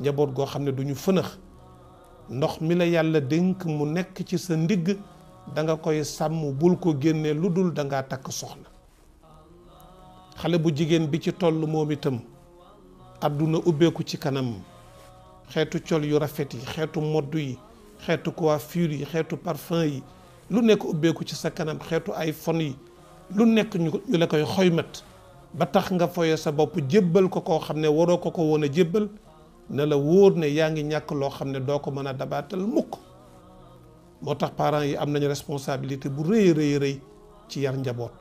njaboot goo xam ne duñu ñu ndox mi la yàlla dénk mu nekk ci sa ndigg danga koy sàmm bul ko génnee lu dul da takk soxna xale bu jigéen bi ci toll moom itam àdduna ubbeeku ci kanam xeetu col yu rafet yi xeetu modd yi xeetu coiffure yi xeetu parfum yi lu nekk ubbeeku ci sa kanam xeetu ay fon lu nekk ñu la koy xoymat ba tax nga foye sa bopp jébbal ko koo xam ne waroo ko ko woon a jébbal ne la wóor ne yaa ngi ñàkk loo xam ne doo ko mën a dabaatal mukk moo tax parent yi am nañu responsabilité bu rëy rëy ci yar njaboot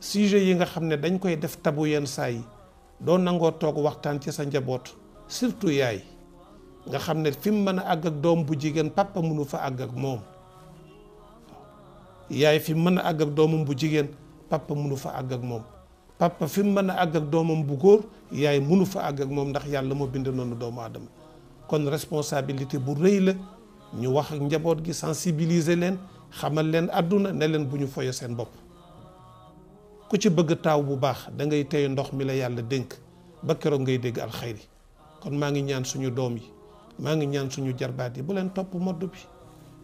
sujet yi nga xam ne dañ koy def tabu yenn saa yi doo nangoo toog waxtaan ci sa njaboot surtout yaay nga xam ne fi mu mën a àgg ak doom bu jigéen papa mënu fa àgg ak moom yaay fi mu mën a àgg ak doomam bu jigéen papa mënu fa àgg ak moom papa fi mu mën a àgg ak doomam bu góor yaay mënu fa àgg ak moom ndax yàlla moo bind noonu doomu aadama kon responsabilité bu rëy la ñu wax ak njaboot gi sensibiliser leen xamal leen àdduna ne leen bu ñu foyee seen bopp ku ci bëgg taaw bu baax da ngay téye ndox mi la yàlla dénk ba keroog ngay dégg alxayri kon maa ngi ñaan suñu doom yi maa ngi ñaan suñu jarbaat yi bu leen topp modd bi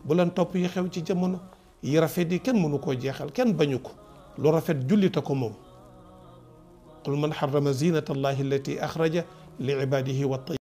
bu leen topp yi xew ci jamono yi rafet yi kenn mënu koo jeexal kenn bañu ko lu rafet jullit a ko moom قل من حرم زينة الله التي أخرج لعباده والطيب